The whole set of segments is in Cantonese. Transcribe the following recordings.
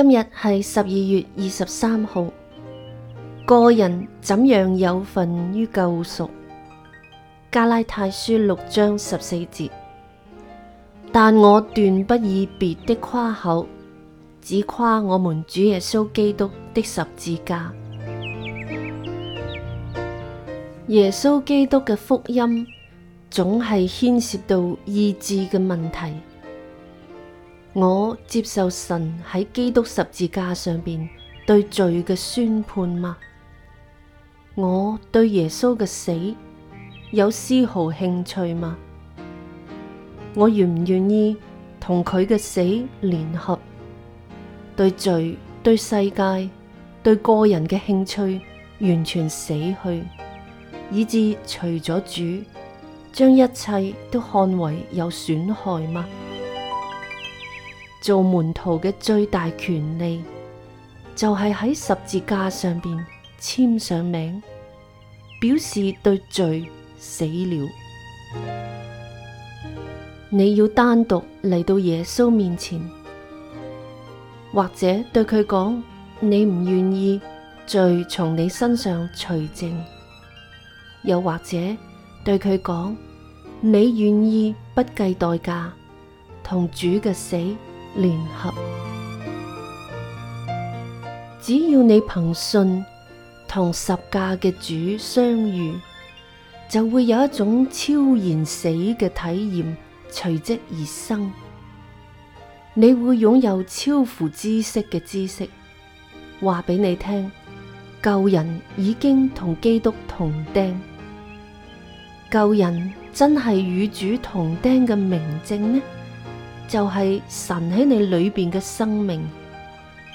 今日係十二月二十三號。個人怎樣有份於救贖？加拉泰書六章十四節。但我斷不以別的誇口，只誇我們主耶穌基督的十字架。耶穌基督嘅福音總係牽涉到意志嘅問題。我接受神喺基督十字架上邊對罪嘅宣判嗎？我對耶穌嘅死有絲毫興趣嗎？我願唔願意同佢嘅死聯合？對罪、對世界、對個人嘅興趣完全死去，以致除咗主，將一切都看為有損害嗎？做門徒嘅最大權利，就係、是、喺十字架上面簽上名，表示對罪死了。你要單獨嚟到耶穌面前，或者對佢講你唔願意罪從你身上除淨，又或者對佢講你願意不計代價同主嘅死。聯合，只要你憑信同十架嘅主相遇，就會有一種超然死嘅體驗，隨即而生。你會擁有超乎知識嘅知識。話俾你聽，舊人已經同基督同釘，舊人真係與主同釘嘅明證呢？就係神喺你裏邊嘅生命，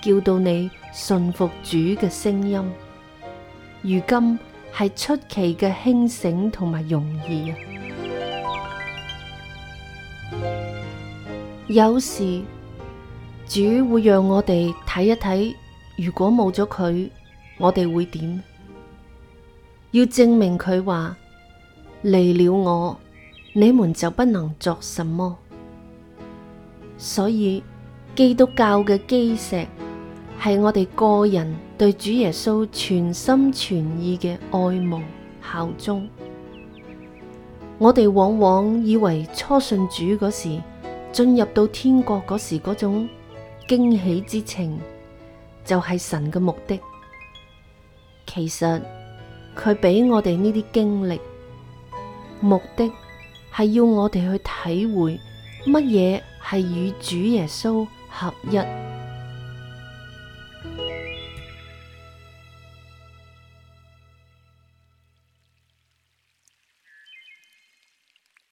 叫到你信服主嘅聲音。如今係出奇嘅輕省同埋容易啊！ 有時主會讓我哋睇一睇，如果冇咗佢，我哋會點？要證明佢話離了我，你們就不能作什麼。所以基督教嘅基石係我哋個人對主耶穌全心全意嘅愛慕效忠。我哋往往以為初信主嗰時，進入到天國嗰時嗰種驚喜之情，就係神嘅目的。其實佢俾我哋呢啲經歷，目的係要我哋去體會乜嘢。係與主耶穌合一。